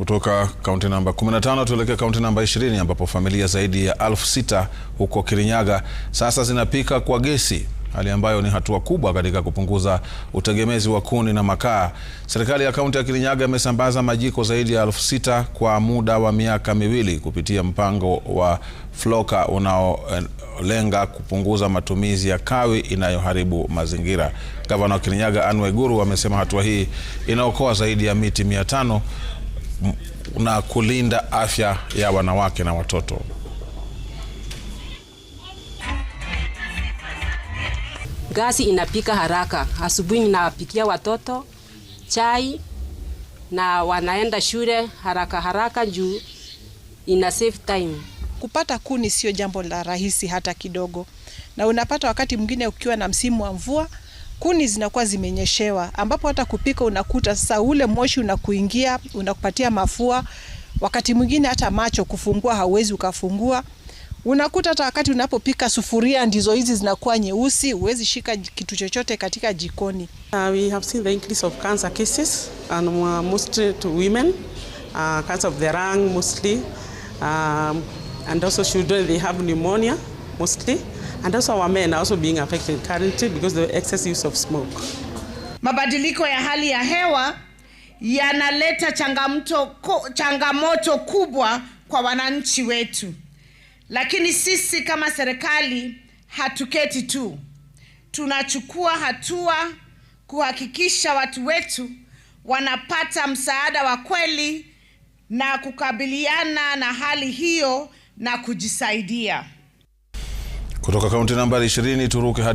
Kutoka kaunti namba 15 tuelekee kaunti namba 20 ambapo familia zaidi ya elfu sita huko Kirinyaga sasa zinapika kwa gesi, hali ambayo ni hatua kubwa katika kupunguza utegemezi wa kuni na makaa. Serikali ya kaunti ya Kirinyaga imesambaza majiko zaidi ya elfu sita kwa muda wa miaka miwili kupitia mpango wa Floka unaolenga kupunguza matumizi ya kawi inayoharibu mazingira. Gavana wa Kirinyaga Anne Waiguru amesema hatua hii inaokoa zaidi ya miti mia tano na kulinda afya ya wanawake na watoto. Gasi inapika haraka. Asubuhi ninawapikia watoto chai na wanaenda shule haraka haraka juu ina save time. Kupata kuni sio jambo la rahisi hata kidogo, na unapata wakati mwingine ukiwa na msimu wa mvua kuni zinakuwa zimenyeshewa, ambapo hata kupika unakuta sasa ule moshi unakuingia unakupatia mafua, wakati mwingine hata macho kufungua hauwezi ukafungua. Unakuta hata wakati unapopika sufuria ndizo hizi zinakuwa nyeusi, huwezi shika kitu chochote katika jikoni. Uh, we have seen the increase of cancer cases and mostly to women uh, cancer of the lung mostly um, and also children they have pneumonia mostly, and also our men are also being affected currently because of the excess use of smoke. Mabadiliko ya hali ya hewa yanaleta changamoto, changamoto kubwa kwa wananchi wetu, lakini sisi kama serikali hatuketi tu, tunachukua hatua kuhakikisha watu wetu wanapata msaada wa kweli na kukabiliana na hali hiyo na kujisaidia. Kutoka kaunti nambari 20 turuke hadi